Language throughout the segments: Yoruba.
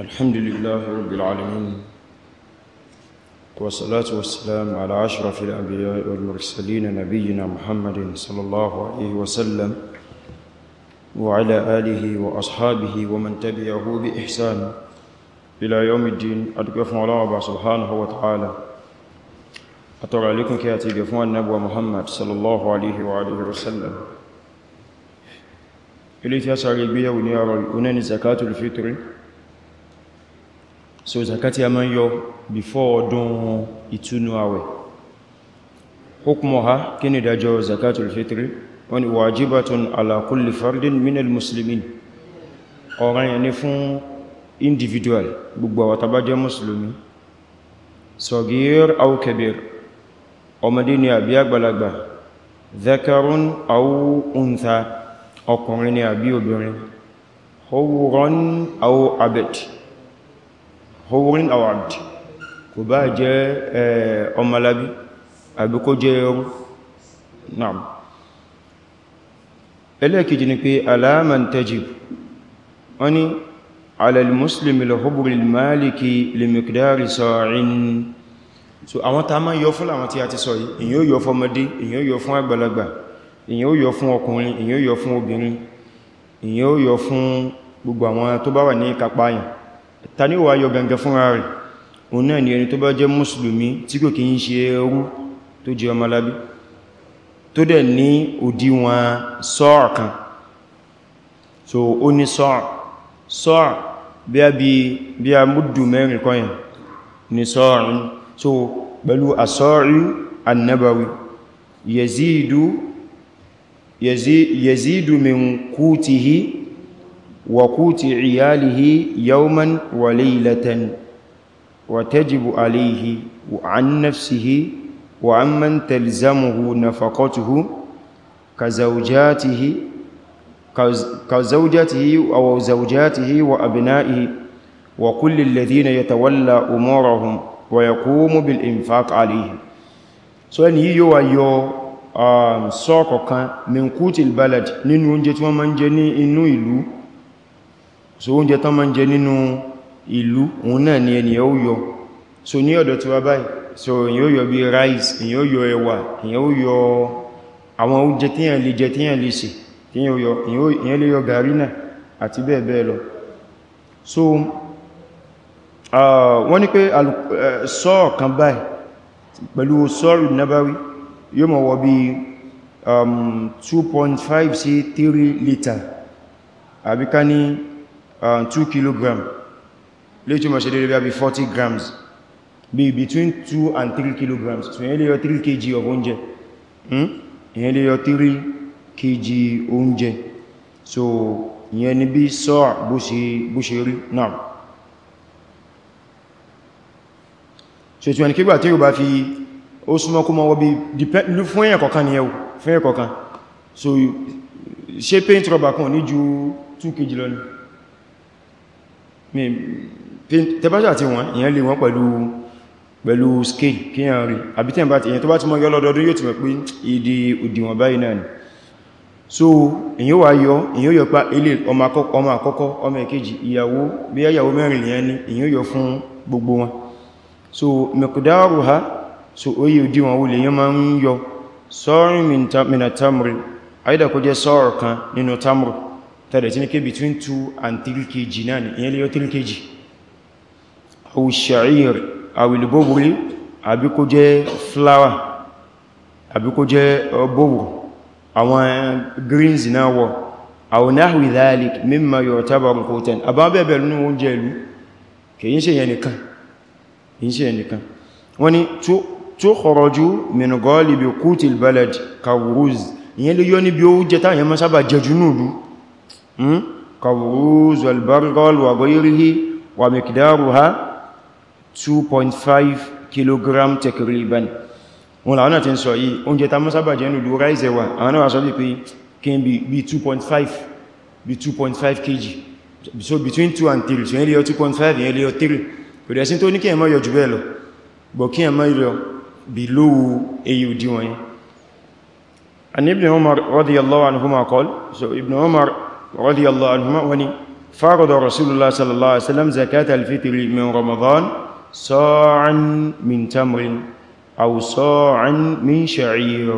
الحمد لله رب العالمين والصلاة والسلام على أشرف الأنبياء والمرسلين نبينا محمد صلى الله عليه وسلم وعلى آله وأصحابه ومن تبعه بإحسان إلى يوم الدين أتقفنا الله سبحانه وتعالى أترى لكم أتقف يفوى النبوة محمد صلى الله عليه وآله وسلم إليتي تسعر البيع ونيار الأنان زكاة الفطر so zakat tí a máa ń yọ before ọdún ìtúnú àwẹ̀ hukmuha kí ni dájọ́ zakatul fitri wọ́n ni wajibatun ala kulli fardin minal muslimin ọ̀ranyàn ni fún individual gbogbo àwọn musulmi sọ̀gír aw ọmọdé ni àbí àgbàlagbà zakarun aw ọkùnrin ni àbí obìnrin hawran aw horin award kò bá jẹ́ ọmọlábí àbí kó jẹ́ ẹrú náà ẹlẹ́kejì ni pé alaman tajib wọ́n ni alalmuslim ilhubri maliki limikdari sa'in so àwọn ta ma yọ fún àwọn tí a ti sọ yìí èyí ó yọ fún ọmọdé èyí ó yọ fún àgbàlagbà ta ní wà yọ gangan fúnra rẹ̀ òun náà ni ẹni tó bá jẹ́ mùsùlùmí tí kò kí ń ṣe ẹrú tó jẹ́ ọmọlábí tó dẹ̀ ní òdíwọn sọ́ọ̀ kan so ó ní sọ́ọ̀ sọ́ọ̀ bí a bí bí a múdù mẹ́rin kọ́yìn ní sọ́ọ̀rin so pẹ̀lú asọ́ọ̀rí annabawi yazidu yazidu min kútihi وقوت عياله يوما وليلة وتجب عليه عن نفسه من تلزمه نفقته كزوجاته كزوجته أو زوجاته وأبنائه وكل الذين يتولى أمورهم ويقوم بالإنفاق عليه so يو yíyó wa yọ um, sọ́ọ̀kọ̀kan min kútìl balad nínú oúnjẹ tí wọ́n máa ń so oúnjẹ tán máa ń jẹ nínú ìlú òun náà ni ènìyàn ó yọ so ní ọ̀dọ̀ tí wá báyìí so èyàn ó yọ bí rice èyàn ó yọ ẹ̀wà èyàn ó yọ àwọn oúnjẹ tíyàn lè jẹ tíyàn lè ṣe èyàn lè yọ gàrí náà àti bẹ́ẹ̀ bẹ́ẹ̀ lọ so wọ́n ní pé sọ́ọ̀ kan báyìí pẹ̀lú sọ́ọ̀rù nábáwí yóò mọ̀ wọ bí 2.5 um, sí 3 litre àbíká ní um, 2 kg lè tí ó ma ṣe dédé bí 40 grams bí between 2 and 3 kg so yẹn lè yọ 3 kg of oúnjẹ hmm? yẹn lè yọ 3 kg oúnjẹ so yẹn ni bí sọ́ọ̀ bó ṣe rí náà so tí wọ́n ni kígbà tí yóò bá fi ó súnmọ́ kó mọ́ wọ́n bí fún èyàn kọ̀kan ni ẹwù fún èyàn kọ̀kan so ṣe paint rubber kan ní ju 2 kg lọ ni tẹbájá àti wọn èyàn lè wọ́n pẹ̀lú pẹ̀lú scale kí yàn rí àbí tí èyàn tó bá ti mọ́ yọ lọ́dọọdún yóò ti mọ̀ pé ìdí òdìwọ̀n báyìí náà ni so èyàn wà yọ èyàn yọ pa ilé ọmọ àkọ́kọ́ ọmọ ìkejì ìyàwó bí ìyàwó mẹ́rin lèyàn ní èyàn yọ fún gbogbo wọn so mẹ́kùdáwàrù ha so oye òdìwọ̀n wo lèyàn máa ń yọ sọ́rin mìnà tamri tẹ́lẹ̀ tí ní ké between two and 3 kg náà ni ìyẹn lè yọ 3 kg àwọn sha'ir àwìlì bóbúrí àbí kó jẹ́ flower àbí kó jẹ́ bóbúrú àwọn greens náà wọ àwọn náà dhalik mimma yu'tabaru qutan àbábẹ̀bẹ̀ nínú oúnjẹ ìlú kìí ṣe yẹn nìkan kìí ṣe yẹn nìkan wọ́n ni tukhraju min ghalibi qutil balad kawruz ìyẹn lè yọ níbi oúnjẹ táyẹn mọ́ sábà jẹjú nùlú كروز والبرغل وغيره ومقدارها 2.5 كيلوغرام تقريبا wọn làwọn àti ń sọ yìí oúnjẹ ta mọ́sábà jẹ́ nù ráìsẹ̀ wà àwọn náà sọ wípé kí n bí 2.5 bí 2.5 kg so between 2 and 3 so ẹlẹ́yọ 2.5 ẹlẹ́yọ 3 kò dẹ̀ sí tó ní kí ẹmọ́ yọ jù bẹ́ẹ̀ lọ bọ̀ kí ẹmọ́ yọ bí lówó èyí òdí wọ̀nyí رضي الله عنهما وني فرض رسول الله صلى الله عليه وسلم زكاة الفطر من رمضان صاعا من تمر أو صاعا من شعير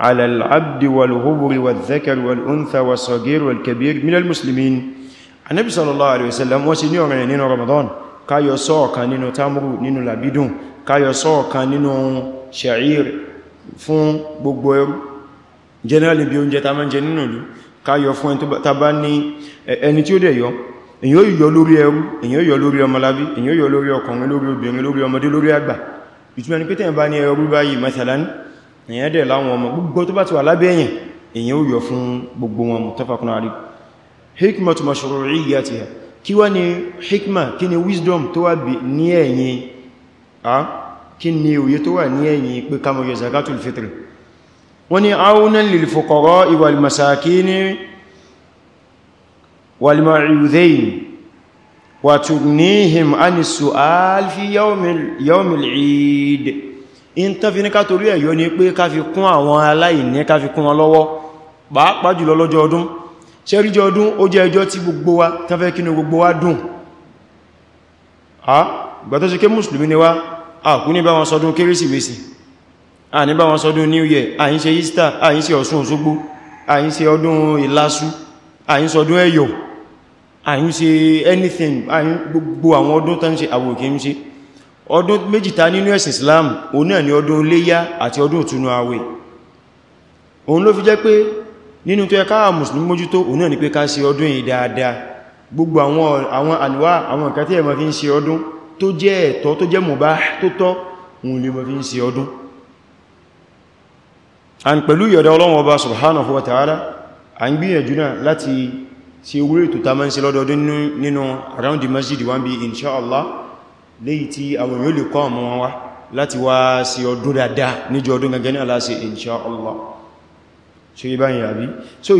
على العبد والغبر والذكر والأنثى والصغير والكبير من المسلمين النبي صلى الله عليه وسلم وسنيور نينو رمضان كايو sọ́ọ̀kan nínú تمر نينو labidun كايو sọ́ọ̀kan nínú شعير فون gbogbo ẹrú generally bí káyọ fún ẹni tó bá ní ẹni tí ó dẹ̀ yọ èyàn yọ lórí ẹrú èyàn yọ lórí ọmọlábí èyàn yọ lórí ọkùnrin lórí obìnrin lórí ọmọdé lórí àgbà ìtumọ̀ ni pé tẹ́yìn bá ní ẹrú báyìí mẹ́sàlán èyàn dẹ̀ láwọn ọmọ gbogbo tó bá ti wà lábẹ́ èyàn èyàn yọ fún gbogbo wọn mutafakun ari hikmatu mashru'iyyatiha kí wá ni hikma kí ni wisdom tó wà ní ẹ̀yìn a kí ni òye tó wà ní ẹ̀yìn pé ká mọ̀ yọ zakatul fitri wọ́n ni aunan lil fuqara'i wal masakini wal ma'udhayn wa tughnihim ani su'al fi yawmil 'id in ta fi ní ká torí ẹ̀yọ́ ni pé ká fi kún àwọn aláìní ká fi kún wọn lọ́wọ́ pàápàá jùlọ lọ́jọ́ ọdún ṣẹ́ríjọ ọdún a ní bá wọn sọdún new year a ń easter a ń ṣe ọ̀ṣun òṣogbo a ń ṣe ọdún ìlàsù a ń sọdún ẹ̀yọ̀ a anything a ń gbogbo àwọn ọdún tán ṣe àwòkí ń ṣe ọdún méjìta nínú ẹ̀sìn islam òun náà ni ọdún léyá àti ọdún ìtúnú àwẹ̀ òun ló fi jẹ́ pé nínú tó ẹka mùsùlùmí mójútó òun náà ni pé ká ṣe ọdún yìí dáadáa gbogbo àwọn àníwá àwọn nǹkan tí ẹ fi ń ṣe ọdún tó jẹ́ ẹ̀tọ́ tó jẹ́ mùbá tó tọ́ òun lè máa fi ń ṣe ọdún and pẹ̀lú yọ̀dá Ọlọ́run Ọba subhanahu wa ta'ala a ń gbìyànjú náà láti ṣe orí ètò ta máa ń ṣe lọ́dọọdún nínú around the masjid wa bí inṣáàlá léyìí tí àwọn yóò lè kọ́ ọmọ wọn wá láti wá sí ọdún dáadáa níjọ ọdún gangan náà láti inṣáàlá ṣe ibá yìí àbí so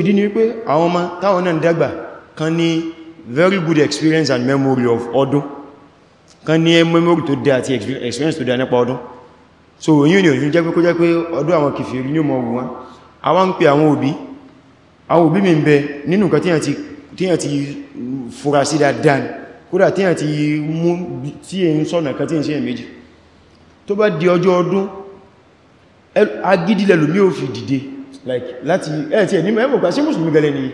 very good experience and memory of ọdún kan ní memory tó dá experience tó dá nípa ọdún so yíò ni òyìn jẹ́ pé kó jẹ́ pé ọdún àwọn kìfèrí ní ọmọ wọn a wá ń pè àwọn òbí àwọn òbí mi ń bẹ nínú nǹkan tíyàn ti fura sí dáadáa kódà tíyàn ti mú tí èyí sọ́nà kan tíyàn sí ẹ̀ méjì tó bá di ọjọ́ ọdún agídílẹ̀ lómi ò fi dìde láti ẹ̀ ni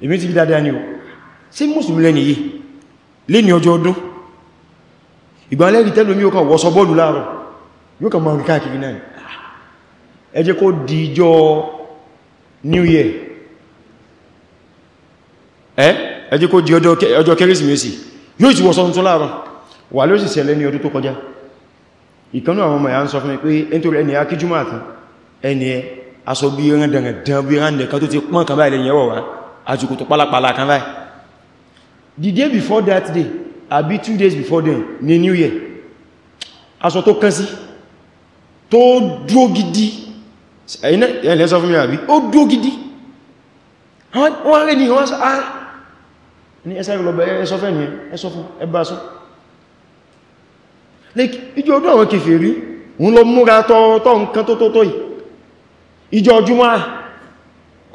èmi ti dáadáa ni o sí mùsùlùmí lẹ́ni yìí lé ní ọjọ́ ọdún ìgbàlẹ́rì tẹ́lómi yóò kàn máa rí káàkiri náà ẹ jẹ́ kó di ìjọ new year ẹ́ ẹ jẹ́ kó di ọjọ́ kérésìmesì yóò ti wọ́sọ́ tuntun láàrọ̀ wà ló sì ṣẹlẹ̀ ní ọdún tó kọjá ìkanú àwọn ọmọ ìyá ń sọ fún mi pé nítorí ẹni akíjúmọ̀ àtàn ẹni ẹ aṣọ bí rán dẹ̀rẹ̀dẹ̀ bí rán dẹ̀ kan tó ti pọ́n kan báyìí lẹ́yìn ẹwọ̀ wá àjùkù tó pálapàla kan báyìí the day before that day àbí two days before then new year aṣọ tó kán sí tó dúó gidi ẹ̀lẹ́ sọ fún mi àbí ó dúó gidi wọ́n rẹ̀ ah. ní wọ́n sá ní ẹsẹ́ ìlọ́bẹ̀ ẹsọ fẹ́ ní ẹsọ fún ẹbá sọ ìjọ ọdún àwọn kèfèrí wọ́n lọ múra tọ́ nǹkan tó tótó yìí ìjọ ọjúmọ́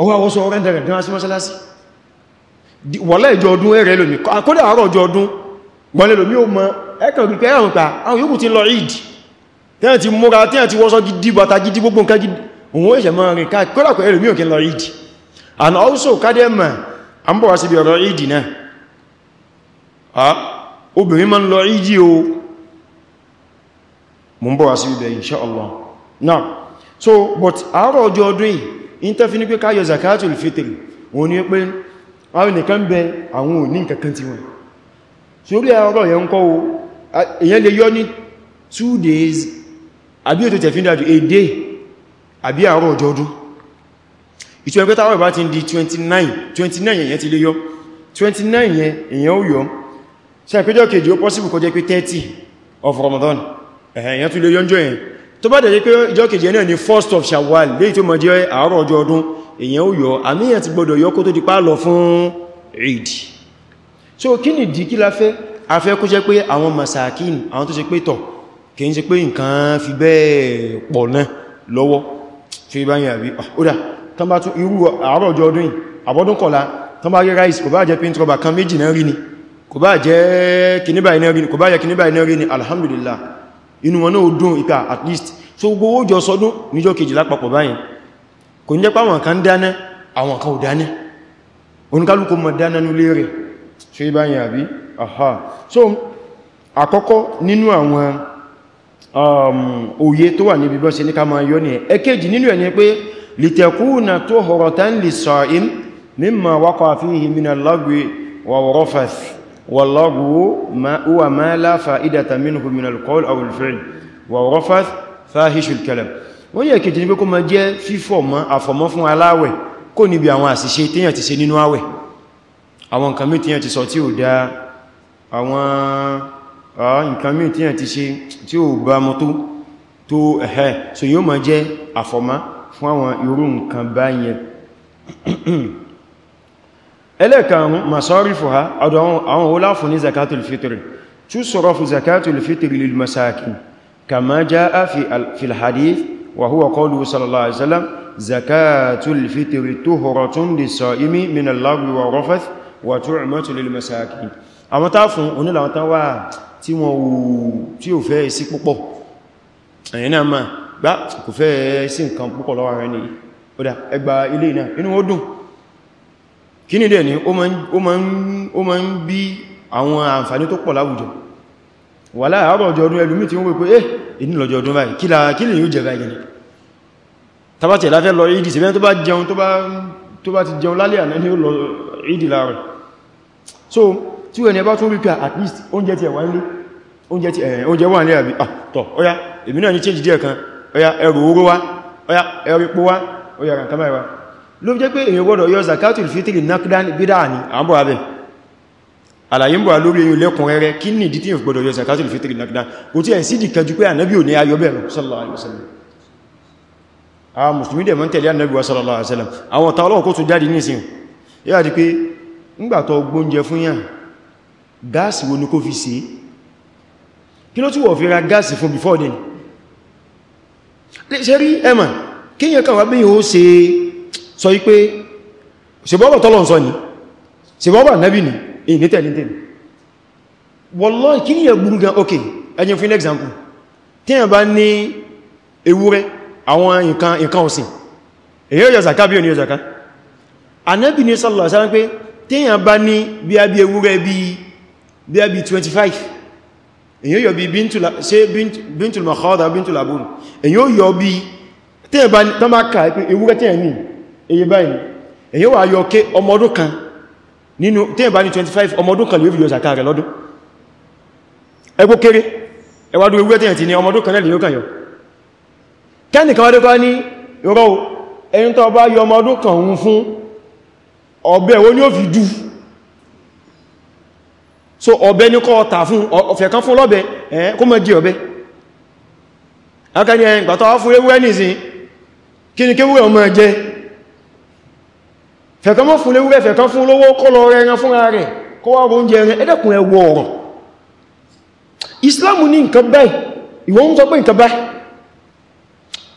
ọwọ́ àwọ́sọ ọ̀rẹ́ndẹ̀rẹ̀ dán sí mọ́sálásí wọ́lẹ̀ ìjọ ọdún ẹ̀rẹ́ lómi akọ́dẹ̀ àárọ̀ ọjọ́ ọdún gbọ́lẹ̀ lómi ó mọ́ ẹ̀kàn pípẹ́ àwọn pa àwọn yóò ti lọ ìdí tẹ́yà ti múra tẹ́yà ti wọ́sọ́ gidi bàtà gidi gbogbo nǹkan gidi òun èṣẹ̀ mọ́ rìn káà kọ́lákọ̀ ẹlùmí òkè lọ ìdì and also kádẹ́mà a ń sí ọ̀rọ̀ ìdì náà obìnrin ma ń lọ ìdì o mú ń Allah so but àbí ètò tẹ̀fí dájú èdè àbí àárọ̀ ọjọ́ ọdún ìtò ẹgbẹ́ tàwọn ìbá ti ń di 29 29 èyàn ti lé yọ 29 yẹn èyàn ó yọ ṣe àpéjọ́ kejì ó pọ́síbù kọjẹ́ pé 30 of Ramadan èyàn tún lé yọ́njọ́ yẹn tó bá dẹ̀ jẹ́ pé ìjọ́ kejì náà ni first of Shawwal léyìí tó mọ̀ jẹ́ àárọ̀ ọjọ́ ọdún èyàn ó yọ àmìyàn ti gbọdọ̀ yọ kó tó di pálọ̀ fún Eid so kí nìdí kí la fẹ́ afẹ́ kó jẹ́ pé àwọn masakin àwọn tó ṣe pé tọ̀ kì í ṣe pé nǹkan fi bẹ́ẹ̀ pọ̀ náà lọ́wọ́ tí ah, ó bá yìn àbí ọ̀dá tán bá tún irú àárọ̀ ọjọ́ ọdún yìí àbọ́dún kọ̀lá tán bá rí rice kò bá jẹ́ paint rubber kan méjì náà rí ni kò bá jẹ́ kìníbà alhamdulillah inú wọn náà at least so gbogbo jọ sọdún níjọ́ kejì lápapọ̀ báyìí kò ní jẹ́ pé àwọn kan dáná àwọn aha so àkọ́kọ́ nínú àwọn Um, òye tó wà níbi bọ́ sí ní ká máa yọ ní ẹ̀kejì nínú ẹ̀ ni pé litakuna tuhuratan lis-sa'im mimma waqa'a fihi minal lagwi wal rafath wal lagwu huwa ma la fa'idata minhu minal qawl aw al-fi'l wal rafath fahishul kalam wọ́n yẹ kejì ní pé kó ma jẹ́ àwọn àṣìṣe téyàn ti ṣe ti sọ tí ò dá àwọn Ah, nǹkan mí tí yàn ti ṣe tí ó bá mọ́ tó tó ẹ̀hẹ́ so yóò máa jẹ́ àfọ̀má fún àwọn irú nǹkan báyẹn ẹlẹ́kàrún masọ́rí fún ha ọdọ̀ àwọn olá fún ní zakatul fitri tú sọ̀rọ̀ fún zakatul fitri lil masakin kama jaa fi al-hadith wa huwa qawluhu sallallahu alaihi wasallam zakatul fitri tuhuratun lis tí wọ́n tí ò fẹ́ sí púpọ̀ ẹ̀yìn náà máa gbá kò fẹ́ sí nǹkan púpọ̀ lọ́wọ́ rẹ̀ ní ọdá ẹgbà ilé náà inú ó dùn kí ní dẹ̀ ni ó ma ń bí àwọn àǹfààní tó pọ̀ láwùjọ wà láàárọ̀ ọjọ́ ọdún ẹlùmí tí wọ́n wé pé eh ìní lọ́jọ́ ọdún báyìí kí lè yóò jẹ báyìí gẹ̀ẹ́ tàbátì ẹ̀láfẹ́ lọ ìdí sí tó bá jẹun tó bá ti jẹun lálẹ́ àná ní ó lọ ìdí láàrẹ̀ so tí wọ́n ni ẹbá tún rí pé at least oúnjẹ ti ẹ̀wà nílé oúnjẹ ti eh, oúnjẹ wà ní àbí àtọ̀ ah, ọya èmi náà ní change díẹ̀ kan ọya ẹrù oró wá ọya ẹrù ipò wá ọya ràn ló jẹ́ pé èyàn gbọ́dọ̀ yọ zakatul fitri nakdan bídá ní àbọ̀ bọ̀ lórí lẹ́kùn kí ní ìdí tí yóò yọ zakatul fitri nakdan kò tí ẹ̀ sí dìkan ju pé ànábì ò ní ayọ bẹ̀rẹ̀ sallallahu alaihi dẹ̀ ànábì wa sallallahu alaihi di pé gbóúnjẹ fún yàn gáàsì wo ní kó fi ṣe kí ló tí wọ́n fi ra gáàsì fún before then ṣe rí ẹmà kíyàn kan wà bí ó ṣe sọ wípé ṣèbọ́bọ̀ tọ́lọ̀ sọ ní ṣèbọ́bọ̀ nẹ́bì ní èyí tẹ̀lẹ̀tẹ̀lẹ̀ wallahi kí ní ẹgbùrú gan ok ẹjẹ́ fún example tí yàn bá ní ewúrẹ́ àwọn nǹkan ọ̀sìn èyí ó yọ zaka bí ò ní yọ zaka anẹ́bì ní sallallahu alaihi wasallam pé tí yàn bá ní bí a bí ewúrẹ́ bíi bí ẹbí 25 èyàn yọ bí bíntul makhada bíntul abun èyàn yọ bí tí ẹ̀bá tán bá kà pé ewúrẹ́ tí ẹ̀ ní eye báyìí èyàn wà yọ ké ọmọdún kan nínú tí ẹ̀bá ní 25 ọmọdún kan lè fi yọ sàkà rẹ̀ lọ́dún ẹgbó kéré ẹwàdú ewúrẹ́ tí ẹ̀ ti ní ọmọdún kan lẹ́lẹ̀ yóò kàn yọ kẹ́nìkan wá dẹ́kọ́ ní ìrọ̀ ẹni to bá yọ ọmọdún kan fún ọ̀bẹ wo ni ó fi dú so ọ̀bẹ ní kọ́ ọ̀tà fún ọ̀fẹ́ kan fún lọ́bẹ ẹ̀ kó mọ́ jí ọ̀bẹ akẹni ẹ̀yìn gbàtọ́ fún ewúrẹ́ nìsìn kí ni kéwúrẹ́ ọmọ jẹ fẹ̀kan mọ́ fún ewúrẹ́ fẹ̀kan fún lówó kọ́ lọ rẹran fúnra rẹ̀ kó wá oúnjẹ rẹ̀ ẹ̀dẹ̀kùn ẹwọ ọ̀rọ̀ Islam ní nǹkan báyìí ìwọ ń sọ pé nǹkan báyìí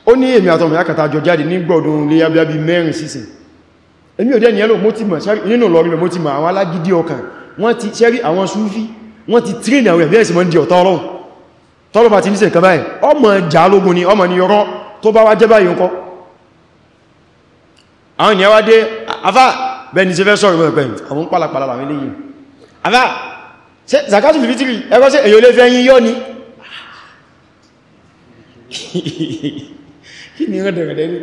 ó ní èmi àtọmọ̀ yákàtà jọ jáde ní gbọ̀dún lè yábíábí mẹ́rin sísìn èmi ò dẹ́ ni ẹlò mo ti mọ̀ nínú lọ́rí mo ti mọ̀ àwọn alágídí ọkàn wọ́n ti ṣẹ́rí àwọn súfí wọ́n ti tírìn àwọn ẹ̀bí ẹ̀sìn mọ́ di ọ̀tọ́ ọlọ́run tọ́lọ́bà ti níṣẹ́ kan báyìí ọmọ ìjà lógún ni ọmọ ni yọrọ tó bá wá jẹ́ báyìí ńkọ́ àwọn ènìyàn wá dé afá bẹni ṣe fẹ́ sọ̀rọ̀ mọ́ ẹ̀pẹ̀ àwọn pàlàpàlà làwọn ilé yìí afá zakatu fitiri ẹgbẹ́ sí èyí olé fẹ́ yín yọ́ ni kí ni rẹ̀ dẹ̀rẹ̀ dẹ̀rẹ̀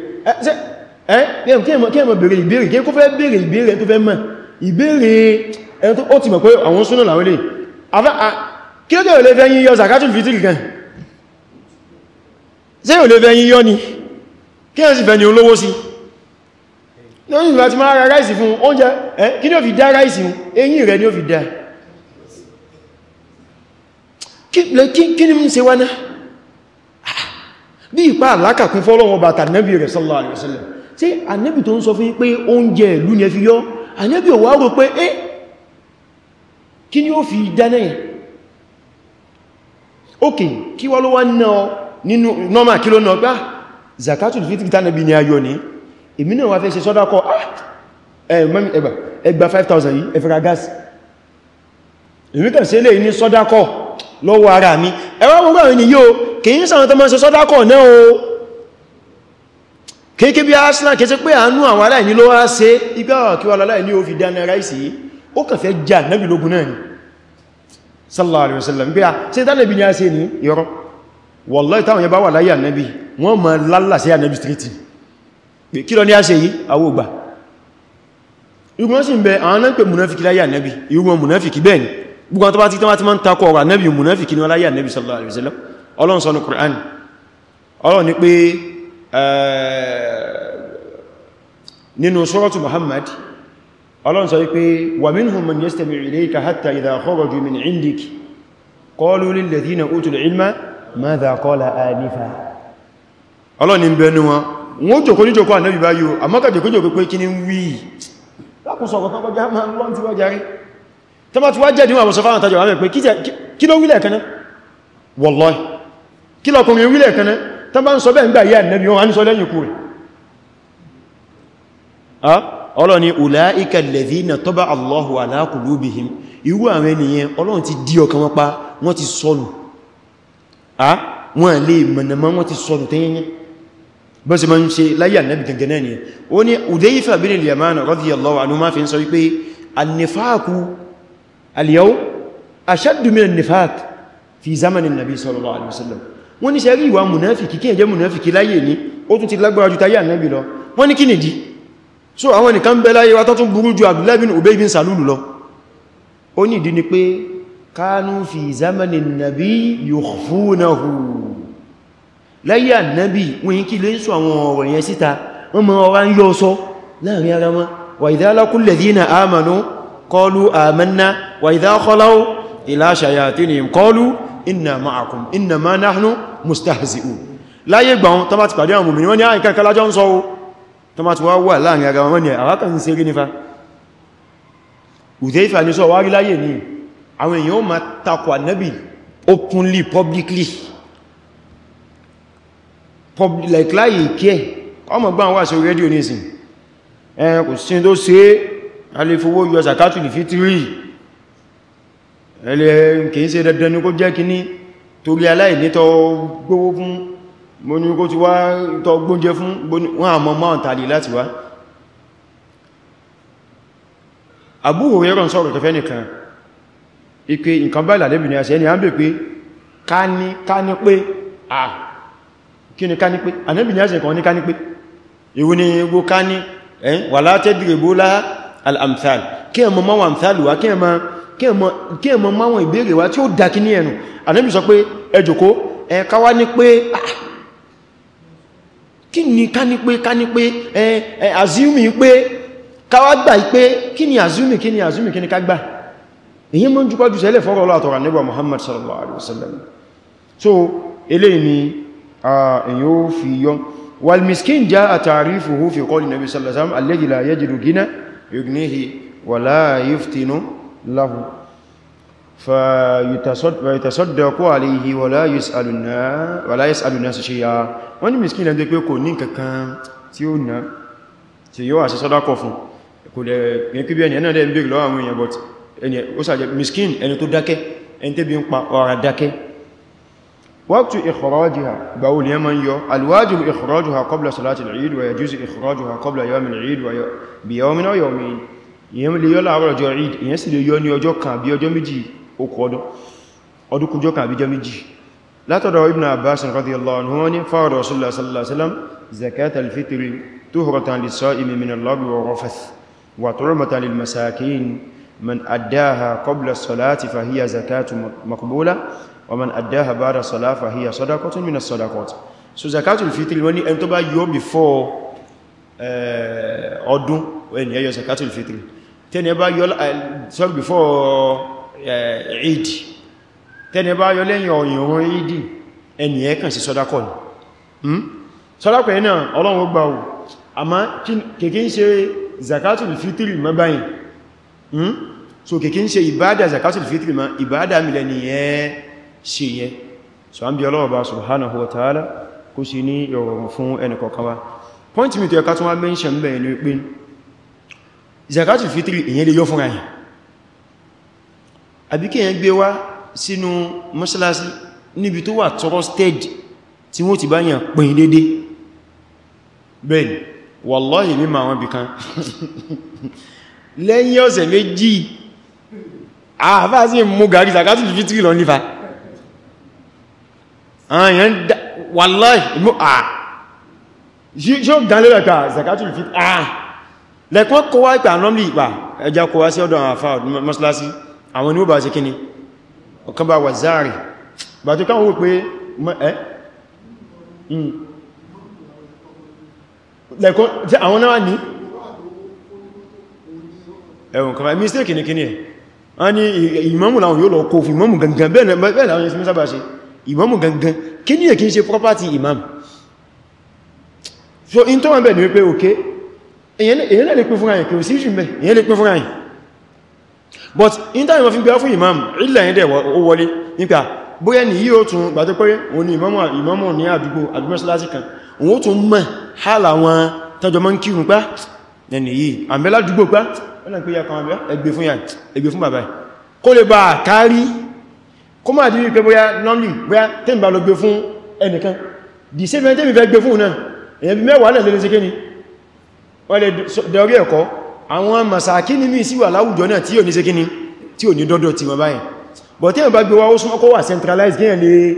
ẹ́ kí ẹmọ bèèrè ìbéèrè kí ẹkọ́ fẹ́ bèèrè ìbéèrè tó fẹ́ mọ̀ ìbéèrè ẹni tó ó ti mọ̀ pé àwọn súnà làwọn ilé kí ló tẹ́rọ lè fẹ́ yíyọ zakatul fitr kan ṣe yíò lè fẹ́ yíyọ ni kí ẹ̀ sì fẹ́ ni olówó sí lórí ìgbà tí máa ra ráìsì fún oúnjẹ kí ní ó fi dá ráìsì eyín rẹ̀ ni ó fi dá kí ni mú ṣe wá náà bí ìpá àlákàkún fọ́lọ́wọ́ bàtà nẹ́bì kí ni ó fi dáná yẹn ok kí wá ló wá náà nínú normal kí ló náà gbá ah, zakatul fitri tánàbí ni ayọ́ ni èmi náà wá fẹ́ ṣe sọ́dá kọ́ ẹgbà 5,000 yìí ẹ fi ra gas èmi kàn sí ilé ní sọ́dá kọ́ lọ́wọ́ ara mi ẹwà gbogbo àwọn ènìyàn kìí sàwọn tó máa ṣe sọ́dá kọ́ náà o kéèké bí arsenal kéèsé pé àánú àwọn aláìní ló wá ṣe igbá ah, àkíwà aláìní ó fi dáná ráìsì ó kàn fẹ́ jà nábì lógún náà ni sallallahu alaihi wasallam pé a ṣe tán nábì ni a ṣe ní ìrọ́ wallahi táwọn yẹn bá wà láyé ànábì wọ́n ma lálàsí ànábì streeti pé kí lọ ní a ṣe yìí àwọ́ ògbà ìgbọ́n sì ń bẹ àwọn náà pè munafiki láyé ànábì ìwọ̀n munafiki bẹ́ẹ̀ ni gbogbo àwọn tó bá ti tán ma ń eh, suratu Muhammad ọlọ́run sọ wípé wà minhum man yastami'u ilayka hatta idha kharaju min indik qalu lilladhina utul ilma madha qala anifa ọlọ́run ń bẹnu wọn wọ́n jòkó ní jòkó ànábì báyìí àmọ́kà jòkó jòkó pé kí ní wí lákùsọ̀kọ̀ ọlọ́ni ulaika alladhina taba Allahu ala qulubihim irú àwọn ènìyàn ọlọ́run ti dí ọkàn wọn pa wọ́n ti sọnù a wọ́n lè mọ̀nàmọ́ wọ́n ti sọnù tẹ́yẹnyẹ bọ́ sí ma ń ṣe láyé ànábì gangan ni ó ní Udayfa bin al-Yaman radiyallahu wọ́n ní kí ẹjẹ́ munafiki so àwọn nìkan bẹ láyé wa tó tún burú ju Abdullah bin Ubay bin Salul lọ ó ní ìdí ni pé kánú fi zamanin nabi yukhfunahu láyé ànábì wọ́n kí lè sọ àwọn ọ̀rọ̀ yẹn síta wọ́n mọ́ ọ̀rá ń yọ́ sọ láàrin ara wọn wa idha laqul ladhina amanu qalu amanna wa inna ma'akum nahnu mustahzi'un láyé gbọ́n tó bá ti pàdé àwọn mùmìnì wọ́n ní àìkàkà ah, lájọ́ ń sọ tó má ti wá wà láàrin ara wọn ni àwákà ń ṣe rí nífà Uzaifa ní sọ wá rí láyé ní àwọn èèyàn ó ma takò ànábì openly publicly like láyé kí ẹ ọmọ gbá wà sí rédíò ní ìsìn ẹn kò sí tó ṣe alẹ́fowó yọ zakatu ní fitiri ẹlẹ́ kìí ṣe dandan ní kó jẹ́ kíní torí aláìnítọ́ gbówó fún mo ní kó ti wá tọ gbóúnjẹ fún wọn àmọ́ mount ali láti wá Abu Hurairah sọ̀rọ̀ kẹfẹ́ nìkan ike nǹkan báyìí làdẹ́bì ní àṣẹ ẹni a ń bè pé ká ní ká ní pé à kí ni ká ní pé ànẹ́bì ní àṣẹ kan ní ká ní pé ìwú ni gbó ká ní ẹ̀yìn wà látẹ́dìrìbó lá al-amthal kí ẹmọ máwọn amthal wá kí ẹmọ máwọn ìbéèrè wá tí ó dákí ní ẹnu ànẹ́bì sọ pé ẹjòkó ẹ ká wá ní pé kí ni ká ní pé ká ní pé ẹ azumi pé káwà gbà pé kí ni azumi kí ni azumi kí ni ká gbà èyí mọ́ jùpá sẹ́lẹ̀ fọ́rọ̀ látọ̀rọ̀ nígbà Muhammad sallallahu alaihi wasallam so eléyìí ni èyí ó fi yọ wal miskin jaa ta'rifuhu fi qawli nabi sallallahu alaihi wasallam alladhi la yajidu ghina yughnihi wa fàyìtàsọ́dọ̀kú àríhì wàlá yìsàlùnà sí ṣíyà wọ́n ni miskin lẹ́gbẹ́ pé kò ní kankan tí ó ná tí yóò àṣẹ sọ́dákọ̀ fún kò lẹ̀ pẹ̀kú bí ẹni ẹ̀nà dẹ̀ ń bèèrè lọ́wọ́ àwọn èèyàn but ó sàjẹ́ miskin ẹni tó dákẹ́ ẹni tẹ́bí ń pa ọ̀rà dákẹ́ waqtu ikhrajiha báwo ni ẹmọ yọ alwajibu ikhrajuha qabla salati al-eid wa yajuzu ikhrajuha qabla yawm al-eid wa bi yawmin okù ọdún ọdún kújọ kan àbíjọ méjì látọ̀dọ̀ ibn abbas radiyallahu anhu ni farada rasulullah sallallahu alaihi wasallam zakat al-fitr tuhratan lis-sa'imi min al-lagwi wa rafath wa turmatan lil masakin man addaha qabla as-salati fa hiya zakatu maqbula wa man so zakatu al-fitr wani en tó bá yọ before eh ọdún en yọ zakatu al-fitr tẹ́ni bá yọ eh, sorry before ìdí tẹ́ni bá yọ lẹ́yìn ọ̀yìn òun ìdí ẹni ẹ̀kàn sí sọ́dákọ̀ ní hmm? sọ́dákọ̀ ẹ̀nà ọlọ́run gbà ò àmá kèkín ṣe zakatul fitri ma báyìí hmm? so kèkín ṣe ìbádà zakatul fitri ma ìbádà milẹ̀ ni ẹ ṣe yẹ so an bí ọlọ́run bá subhanahu wa ta'ala kó ṣe ní ìrọ̀rùn fún ẹnì kọ̀ọ̀kan wa point mi tó ẹka tó wá mẹ́ṣẹ̀ ń bẹ̀rẹ̀ ní pín zakatul fitri èyàn lè yọ fúnra yìí àbí kí èyàn gbé wá sínú mọ́ṣálásí níbi tó wà trusted tí wọ́n ti bá yàn pín dédé bẹ́ẹ̀ni wallahi mímọ àwọn ibìkan lẹ́yìn ọ̀sẹ̀ méjì àfáà sí mú gàrí zakatù fitri lọ nífà àyàn wallahi mú à ṣíò dánlẹ́lẹ̀kà zakatù fitri à lẹ́kọ́ kọwàá ìpà anọ́mìlì ìpà ẹja kọwàá sí ọ̀dọ̀ àwọn àfáà mọ́ṣálásí àwọn ni ó bá ṣe kíni ọ̀kan bá wà záàrì bá tó káwọn wò pé ẹ́ hmm. lẹ́kọ́ tí àwọn náà ní ẹ̀wọ̀n kan bá mistake ní kíni ẹ̀ a ní ìmámù láwọn yóò lọ kó fún ìmámù gangan bẹ́ẹ̀ láwọn yóò sábà ṣe ìmámù gangan kíni ẹ̀ kí ń ṣe property ìmámù so in tó wọ́n bẹ̀ ní wípé òkè èyàn lè pín fún àyàn kí o sí ìṣù mẹ́ èyàn lè pín fún àyàn but in time of ìgbà fún imam ilẹ̀ yẹn dẹ̀ ó wọlé nípa bóyá ní yíò tún gbà tó pẹ́rẹ́ òun ni imamu ní àdúgbò àdúgbòsílásí kan òun tún mọ̀ hálà wọn tọ́jọ mọ́ ń kírùn pá ẹni yìí àmẹ́lá dúgbò pá ẹgbẹ̀ fún yà ẹgbẹ̀ fún bàbá kó lè bá kárí kó máa dìrí pé bóyá nọ́mí bóyá tẹ́mì bá lọ gbé fún ẹnìkan di sẹ́mẹ́ tẹ́mì fẹ́ gbé fún náà èyàn bí mẹ́wàá lẹ́lẹ́lẹ́sẹ́kẹ́ ni wọ́n lè dẹ̀orí ẹ̀kọ́ àwọn masaki ní mí sí wà láwùjọ náà tí ò ní sékíní tí ò ní dọ́dọ̀ tí wọ́n báyìí but tí wọ́n bá gbé wá ó súnmọ́ kó wà centralized gẹ́yàn lè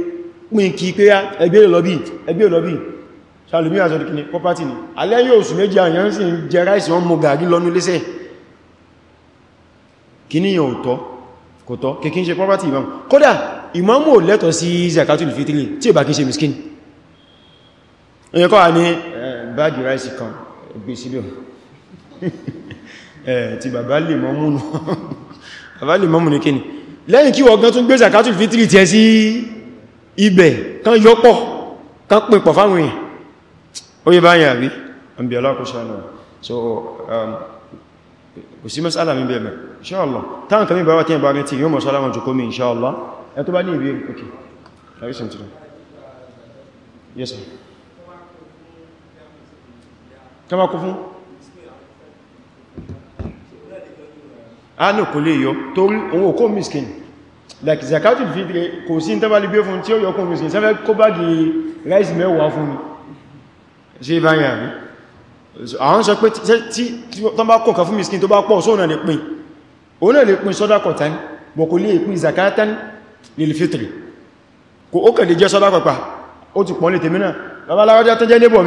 pín kí pé ah, ẹgbẹ́ lọ́bí ẹgbẹ́ lọ́bí property ni alẹ́ yóò oṣù méjì àyàn sì ń jẹ ráìsì wọn mọ gàrí lọ́nu ní property imam kódà imam ò lẹ́tọ̀ sí zakatul fitri tí ò bá kí ń ṣe miskin ẹ̀yẹ́kọ́ wa báàgì ráìsì kan gbé sílẹ̀ Eh, ti bàbá lè mọ́múnù bàbá lè mọ́múnù kí ni lẹ́yìn kí wọ́n gan tún gbé zakatul fitri tí ẹ sí ibẹ̀ kan yọpọ̀ kan pè pọ̀ fáwọn èèyàn ó yẹ báyìí àrí àbí alákòṣánà so um, kò sí mẹ́sàlá mi bẹ̀rẹ̀ inṣáàlá táwọn kan mẹ́bàá tí ẹ bá rẹ̀ tí yóò mọ̀ sọ́lá wọn jùkọ́ mi inṣáàlá ẹ tó bá ní ìbí òkè àrí sẹ́ntìrì yes sir ánù kò lè yọ torí owó kó miskin like zakatul fitri kò sí ìtẹ́bàlì gbé fún tí ó yọ kó miskin sẹ́fẹ́ kó bá di rice mẹ́wàá fún mi ṣe báyìí àmì àwọn sọ pé tí tán bá kọ̀ọ̀kan fún miskin tó bá pọ̀ sóòrùn lè pín òun náà lè pín sọ́dákọ̀ tán bọ̀ kò lè pín zakatan lil fitri kò ó kẹ̀lẹ̀ jẹ́ sọ́dákọ̀ pa ó ti pọ̀ lè tèmínà babaláwájá tó jẹ́ lébọ̀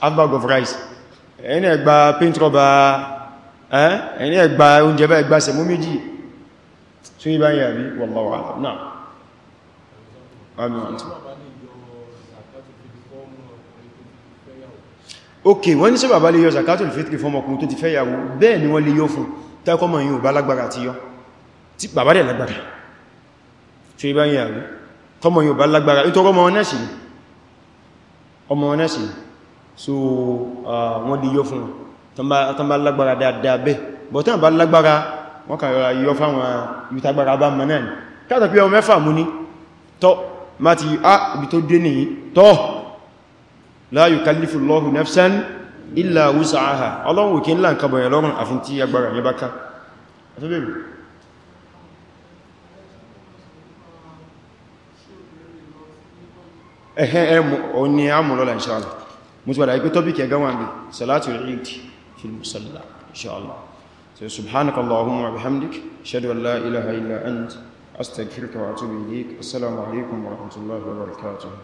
half-bag of rice ẹni ẹgbà paint rubber ẹni ẹgbà oúnjẹ bá ẹgbà sẹ̀mú méjì tún yí bá yà rí wallahu a'lam náà ok wọ́n ní sí bàbá lè yọ zakatul fitri fún ọmọkùnrin tó ti fẹ́ yàwó bẹ́ẹ̀ ni wọ́n lè yọ fún tẹ́kọ́mọ̀ yíò bá lágbára àti yọ tí bàbá dẹ̀ lágbára tí ó bá yàwó tọ́mọ̀ yíò bá lágbára nítorọ́mọ̀ ọ̀nẹ́sì so uh, wọ́n lè yọ fún tán bá lágbára dáadáa bẹ́ bọ̀ tán bá lágbára wọ́n kàn rọra yọ fáwọn ìtagbára bá mọ̀ náà káàtà pé ọmọ mẹ́fà mú ní tọ́ ma ti á ibi tó dé nìyí tọ́ la yukallifu Allahu nafsan illa wus'aha ọlọ́run òkè ńlá nǹkan bọ̀yàn lọ́rùn àfin ẹ̀hẹ́ ẹ̀mù ọ ni a mú مجمل عيبه توبيك يا جماعه صلاه العيد في المصلى ان شاء الله سبحانك اللهم وبحمدك اشهد ان لا اله الا انت استغفرك واتوب اليك السلام عليكم ورحمه الله وبركاته